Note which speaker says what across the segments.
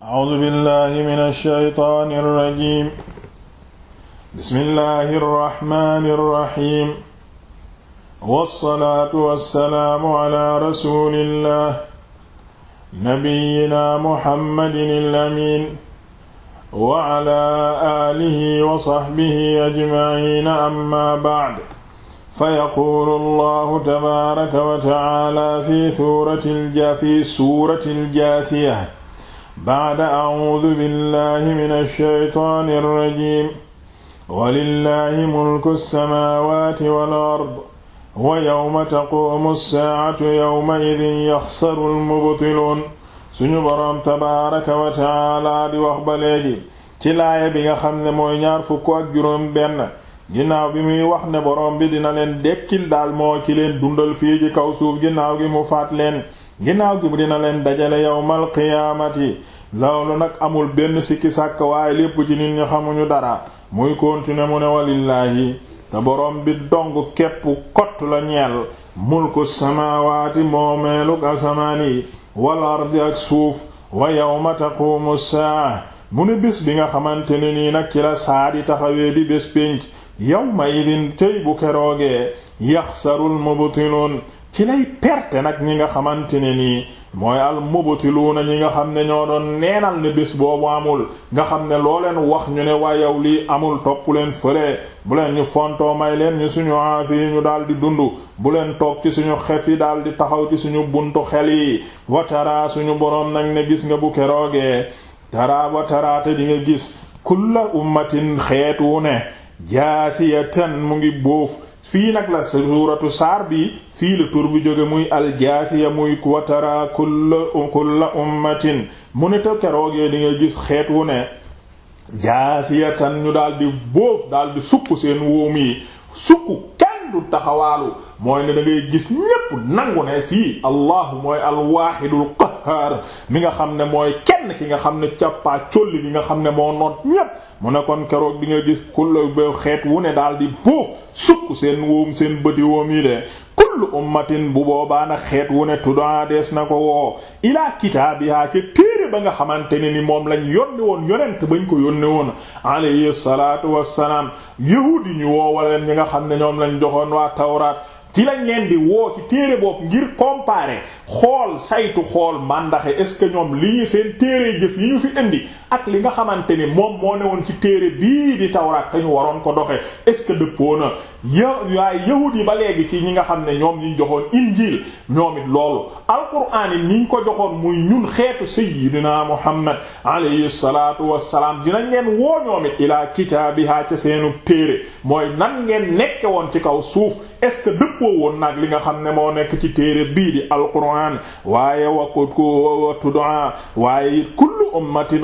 Speaker 1: A'uuzu billaahi mina shaytaani rajiim. Bismillaahi rahmaani rahiim. Wassalaatu wassalaamu alaa rasuulillaah. Nabiyyinaa Muhammadinil amiin. Wa alaa aalihi wa sahbihi ajmaciina ammaa bacd. Fayaquulu Allaahu tabaaraka wa tacaala fi suuratil jaathiya ba'da a'uudu billahi mina shaytaani rajiim walillahi mulku samaawaati wal ard wa yawma taquumu saa'atu yawma'idin yaxsaru al-mubtiluun suñu boroom tabaaraka wa ta'aala di wax ba léegi ci laaya bi nga xam ne mooy ñaar fukk ak juróom benn ginnaaw bi muy wax ne boroom bi dina leen dekkil daal moo ci leen dundal fii ci kaw suuf ginnaaw gi mu faat leen ginnaaw gi dina leen dajale yawmal qiyaamati loolu nag amul benn sikki sàkk waaye lépp ci nit ñi xamuñu dara muy continuer mu ne walillaahi te boroom bi dong képp kott la ñeel mulku samaawaati moomeeluk asamaan yi wal ardi ak suuf wa yawma taqumu saa mu ne bés bi nga xamante ne nii nag ci la saa di taxawee di bés pénc yawma idin tey bu keroogee yaxsarul mubtiluun ci lay perte nag ñi nga xamante ne nii mooy al mubtiluuna ñi nga xam ne ñoo doon neenal ne bés boobu amul nga xam ne loo leen wax ñu ne waa lii amul topp leen fële bu leen ñu fontoo may leen ñu suñu aafi yi ñu daal di dund bu leen toog ci suñu xef yi daal di taxaw ci suñu buntu xel yi watara suñu boroom nag ne gis nga bu keroogee tara wataraate di nga gis kulla ummatin xeet wu ne jaasiyatan mu ngi bóof fii nag la suuratu saar bi fii la tur bi jóge muy aljaasiya muy watara kulla kulla ummatin mu ne te keroogee di ngay gis xeet wu ne jaasiyatan ñu daal di daldi daal di sukk seen wóom yi sukk kenn du taxawaalu mooy ne da ngay gis ñépp nangu ne fii allahu mooy alwaahidul qahhaar mi nga xam ne mooy kenn ki nga xam ne càppaa colli gi nga xam ne moo noot ñépp mu ne kon keroog bi nga gis kullo ba xeet wu ne daal di buuf sukk seen woom seen bëti woom yi de kullu ummatin bu boobaa na xeet wu ne tuddaa des na ko woo ilaa kitaabiha ca téere ba nga xamante ne ni moom lañ yónni woon yonent bañ ko yónni woon alayhi salaatu wassalaam yahuudi ñu woo waleen ñi nga xam ne ñoom lañ joxoon waa tawraat ci lañ leen di woo ci téere boobu ngir comparer xool saytu xool màndaxe est ñoom li ñu seen téere jëf yi ñu fi indi ak li nga xamante ni moom moo newoon ci téere bii di tawraat te ñu waroon ko doxe est-ce que dëppoo na yow waaye yahud yi ba léegi ci ñi nga xam ne ñoom ñu joxoon injiil ñoom it loolu alquran yi ñi ñu ko joxoon muy ñun xeetu sayyidina muhammad alayhi salatu wassalaam dinañ leen woo ñoom it ilaa kitaabiha ca seenu téere mooy nan ngeen nekke woon ci kaw suuf est-ce que dëppoo woon nag li nga xam ne moo nekk ci téere bii di alquran waaye wa ko ko waaye it kullu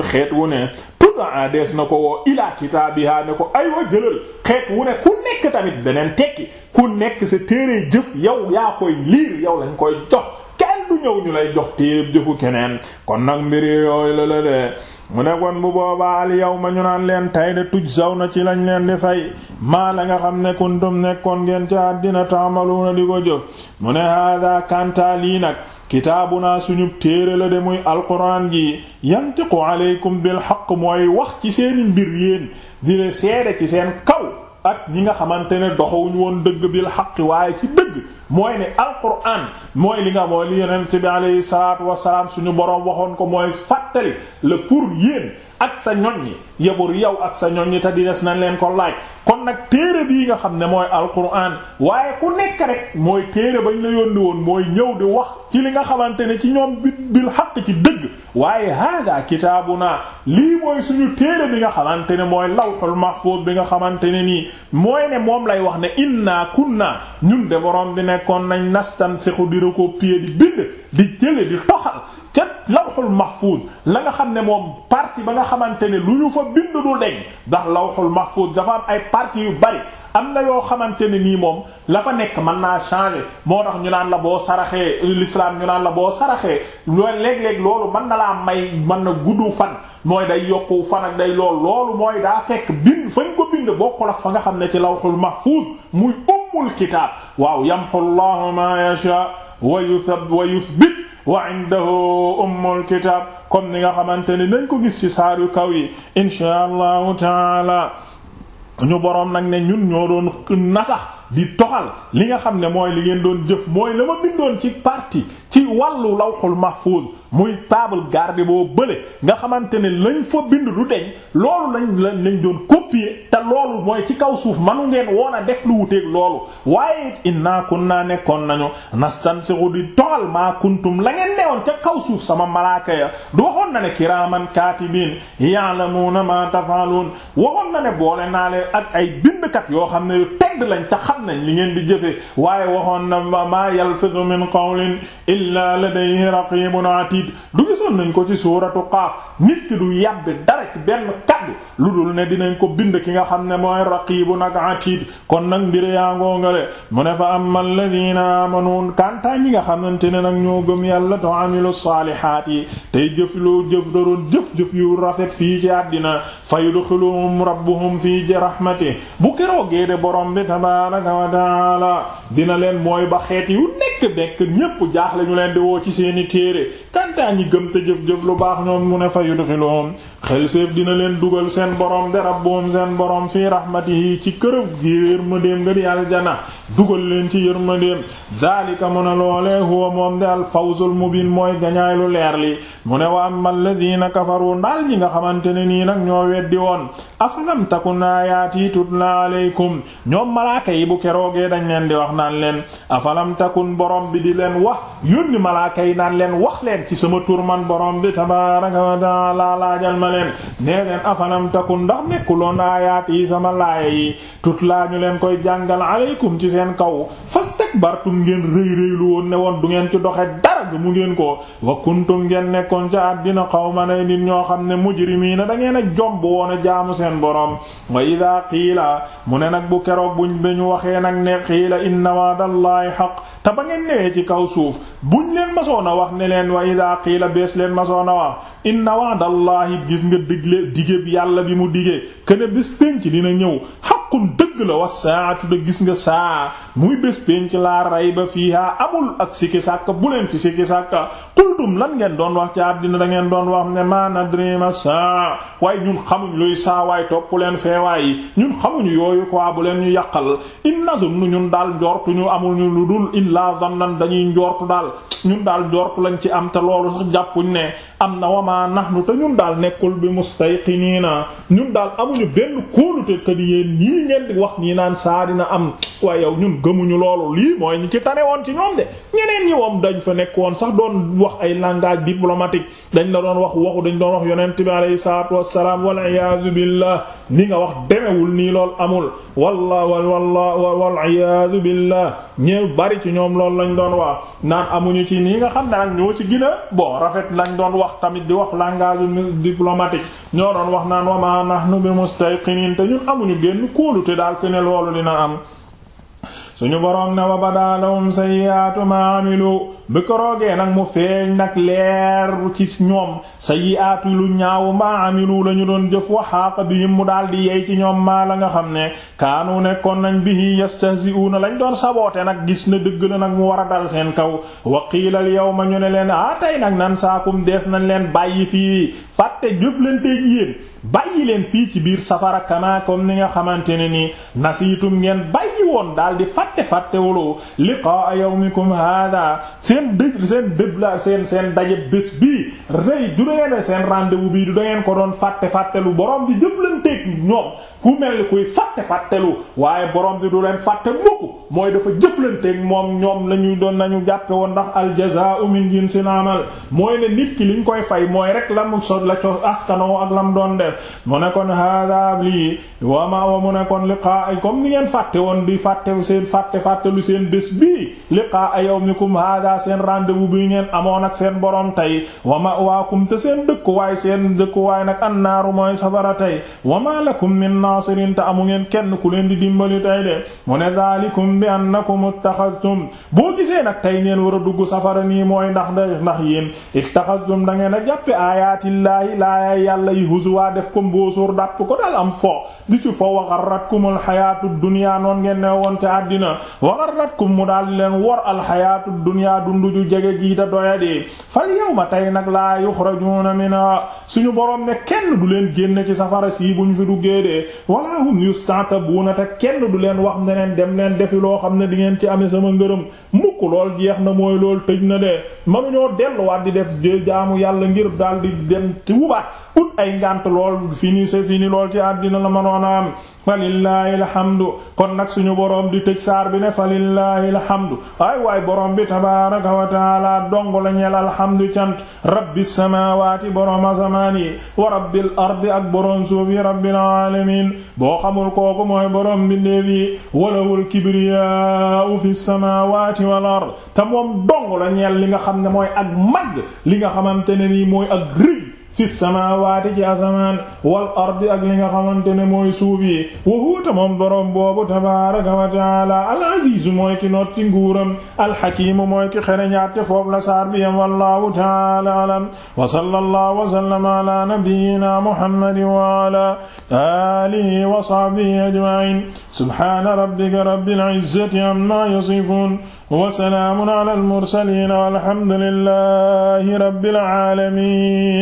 Speaker 1: xeet wu ne tudaa dees na ko woo ilaa kitaabiha ne ko aywa jëlal xeet wu ne ku nekk tamit beneen tekki ku nekk sa téere jëf yow yaa koy liir yow lañ koy jox kenn du ñëw ñu lay jox téere jëfu keneen kon nag mbir yooyu la la de mu ne kon bu boobaa al ma ñu naan leen tay de tuj saw na ci lañ leen di fay maa la nga xam ne nekkoon ngeen ca àddina taamaluuna di ko jëf mu ne hada kanta lii nag kitaabuna suñu téere la de muy alquran ji yantiqu aleykum bil haqq mooy wax ci seeni mbir yéen di ne seede ci seen kaw ak ñi nga xamante ne doxawuñu woon dëgg bil haqq waaye ci dëgg mooy ne alquran mooy li nga mooy li yonent bi alayhi salaatu wasalaam suñu boroom waxoon ko mooy fàttali la pour yéen ak sa ñoñ yi yebur yow ak sa ñoñ yi te di des nañ leen ko laaj kon nag téere bii nga xam ne mooy alquran waaye ku nekk rek mooy téere ba ñu la yónni woon mooy ñëw di wax ci li nga xamante ne ci ñoom bi bil xaq ci dëgg waaye hada kitaabuna lii mooy suñu téere bi nga xamante ne mooy lawhul mahfuz bi nga xamante ne nii mooy ne moom lay wax ne inna kunna ñun de borom bi nekkoon nañ nastansikhu di recopier di bind di jële di toxal lawxul mahfuz la nga xam ne moom partie ba nga xamante ne lu ñu fa bind du deñ ndax lawxul mahfuz dafa am ay parties yu bari am na yoo xamante ne nii moom la fa nekk mën naa changer moo tax ñu naan la boo saraxee l'islam ñu naan la boo saraxee loolu léeg loolu mën na laa may mën na gudd fan mooy day yokku fan ak day lool loolu mooy daa fekk bind fañ ko bind bokku ak fa nga xam ne ci lawxul mahfuz muy ummul kitaab waaw yamhu Allahu ma yasha wa wa yuthbit wa indahu ummul kitab comme ni nga xamante ni nañ ko gis ci yu kaw yi insha allahu taala ñu borom nag ne ñun ñoo doon nasax di toxal li nga xam ne mooy li ngeen doon jëf mooy la ma bindoon ci parti ci wàllu lawxul mahfuz muy table garde boo bële nga xamante ne lañ fa bind du deñ loolu lañ lañ lañ doon copier te loolu mooy ci kaw suuf manu ngeen woon a def lu wuteeg loolu waaye it inna kunna nekkoon nañu nastansiru di toxal maa kuntum la ngeen newoon ca kaw suuf sama malaaka ya du waxoon na ne kiraaman kaatibiin ya'lamuuna maa taf'aluun waxoon na ne boole naa leen ak ay bindkat yoo xam ne yu tedd lañ te xam nañ li ngeen di jëfe waaye waxoon na ma illaa ladayhi raqibun atid du gisoon nañ ko ci suuratu qaaf nit ki du yàbbi dara ci benn kaddu lu dul ne dinañ ko bind ki nga xam ne mooy raqiibun ak atiid kon nag mbir yaa ngoonga de mu ne fa amma alladina amanu kantaa ñi nga xamante ne nag ñoo gëm yàlla to amilu saalihaat yi tey jëf loo jëf daroon jëf-jëf yu rafet fii ci àddina fayudxiluhum rabbuhum fii ci rahmati bu keroogee de borom bi tabaraka wa taala dina leen mooy ba xeet yu nekk nekk ñépp jaaxle ñu leen di woo ci seeni téere kantaa ñi gëm te jëf yudxiluhum xel séef dina leen dugal seen borom de rabbuhum seen borom fii rahmatihi ci kërëb gi yërmandeem nga di aljana dugal leen ci yërmandeem daalika mu ne loole huwa moom de al fawzul mubin mooy gañaay lu leer li mu ne wa amma alladina kafaru ndaal ñi nga xamante ne nii nag ñoo weddi woon afalam takun ayaati tutla aleykum ñoom malaaka yi bu keroogee dañ leen di wax naan leen afalam takun boroom bi di leen wax yónni malaaka yi naan leen wax leen ci sama turman taala laajal ma leen nee leen afanam takun ndax nekkuloon aayaat yi sama laaya yi tut ñu leen koy jàngal aleykum ci seen kaw fas istakbartum ngeen rëy rëylu woon ne woon du ngeen ci doxe dara mu ngeen ko wa kuntum ngeen nekkoon ca àddina xawma nay nit ñoo xam ne mujrimiina da ngeen a jomb woon a jaamu seen borom wa idaa qiila mu ne nag bu keroog buñ ba ñu waxee nag ne qiila inna waadallaahi xaq te ba ngeen newee ci kaw suuf buñ leen masoon a wax ne leen wa idaa qiila bees leen masoon a wax inna waadallaahi gis nga digle dige bi yàlla bi mu digee kene bés pénc dina ñëw dëgg la wax saatu de gis nga saa muy bés penc laa ray ba fiiha amul ak sikki sàkk bu leen ci sikki sàkk qultum lan ngeen doon wax ci àddina da ngeen doon wax ne ma nadrima saa waaye xamuñ luy saa waay topp leen feewaay yi ñun yooyu quoi bu leen ñu yàqal in nadunnu ñun daal njortu ñu amul lu dul illaa zannan dañuy njortu daal ñun daal njortu lañ ci am te loolu sax jàppuñ ne am na wama nahnu te ñun daal nekkul bi mustayqiniina ñun daal amuñu benn kóolute que di yéen ñii ngeen wax nii naan saa dina am waaye yow ñun gëmuñu loolu lii mooy ñi ci tane woon ci ñoom de ñeneen ñi moom dañ fa nekk woon sax doon wax ay langage diplomatique dañ la doon wax waxu dañ doon wax yonent bi alayhi salaatu wassalaam wal iyaadu billah ni nga wax demewul nii lool amul wallah wallah wal iyaadu billah ci ñoom loolu lañ doon wax naan amuñu ci ci gën a bon rafet lañ doon wax tamit di wa ma nahnu bi amuñu génn kóolute daal yaakaar que ne loolu dina am suñu boroom ne wa badaa lahum sayyi'aatu maa amilu bi ko roogee nag mu feeñ nag leer ci ñoom sayyi'aatu lu ñaaw maa amilu la doon jëf wa bi bihim mu daal di yey ci ñoom maa la nga xam ne kaanu nekkoon nañ bihi na lañ doon saboote nag gis na dëgg la nag mu war a dal seen kaw wa qiila al-yawma ñu ne leen ah nag nan saakum dees nañ leen bàyyi fii fàtte jëflante yeen bàyyi leen fii ci biir safara kamaa comme ni nga xamante ne ni nasiitum ngeen bàyyi woon daal di fàtte fàttewuloo liqaa yawmikum hada seen dëj seen dëb la seen seen daje bés bii rëy du dangeen seen rendez-vous bii du dangeen ko doon fàtte fàttelu borom bi jëflanteeg ñoom ku mel kuy fàtte fàttelu waaye borom bi du leen fàtte mukk mooy dafa jëflanteeg moom ñoom lañuy doon nañu jàppe woon ndax aljazaa'u min jinsil amal mooy ne nit ki liñ koy fay mooy rek la mu so la co askanoo ak lam doon def mu ne kon hada lii wa ma wa mu ne kon liqaa comme ni ngeen fàtte woon bi fàtte seen fàtte fàtte lu seen bés bii liqaa yawmikum hada seen rendez-vous bi ngeen amoon ak seen borom tey wa ma waakum te seen dëkkuwaay seen dëkkuwaay nag annaaru mooy safara tey wa ma lakum min naasirin te amu ngeen kenn ku leen di dimbali tey de mu ne daalikum bi annakum ittaxadtum boo gisee nag tey ngeen war a dugg safara nii mooy ndax ndax yéen ittaxadtum a jàppe def ko mbóosóor dàpp ko daal am fo di ci fo waxarratkum alxayaatu dunya noon ngeen ne woon ca àddina waxarratkum mu daal di leen wor alxayaatu dunya dundu ju jege jii da doyadi fal ma tey nag laa yuxrajuuna minha suñu borom ne kenn du leen génn ci safara si bu ñu fi duggee de wala hum yustatabuuna te kenn du leen wax ne leen dem leen defi loo xam ne di ngeen ci amee sama ngërëm mukk lool jeex na mooy lool tëj na de manuñoo delluwaat di def jaamu yàlla di dem ci wubaat ut ay ngànt lool fini c'est fini lool ci àddina la mënoon a am falillahi alhamdu kon nag suñu boroom di tëj saar bi ne falillahi alhamdu ay waay boroom bi tabaraka wa taala dong la ñeel alhamdu cant rabbis samawati boroom asamaan yi wa rabbil ardi ak boroom suuf yi rabbil alamin boo xamul kooku mooy boroom bindeef yi walahul kibriyaa'u fis samawati wal ard te moom li nga xam ne mooy ak mag li nga xamante ne nii mooy ak rëy fi samaawaati ci asamaan wal ardi ak li nga xamante ne mooy suuf yi wa huwa tamam borom boobu tabaaraka wa taala al aziz mooy ki noot ci nguuram al hakiim mooy ki xereñaate foofu la saar bi yam wallahu taala alam wa sallallahu wa sallama ala nabiyyina muhammadin wa ala alihi wa sahbihi ajma'in subhana rabbika rabbil izzati amma yasifun wa salaamun ala al mursalin walhamdulillahi rabbil alamin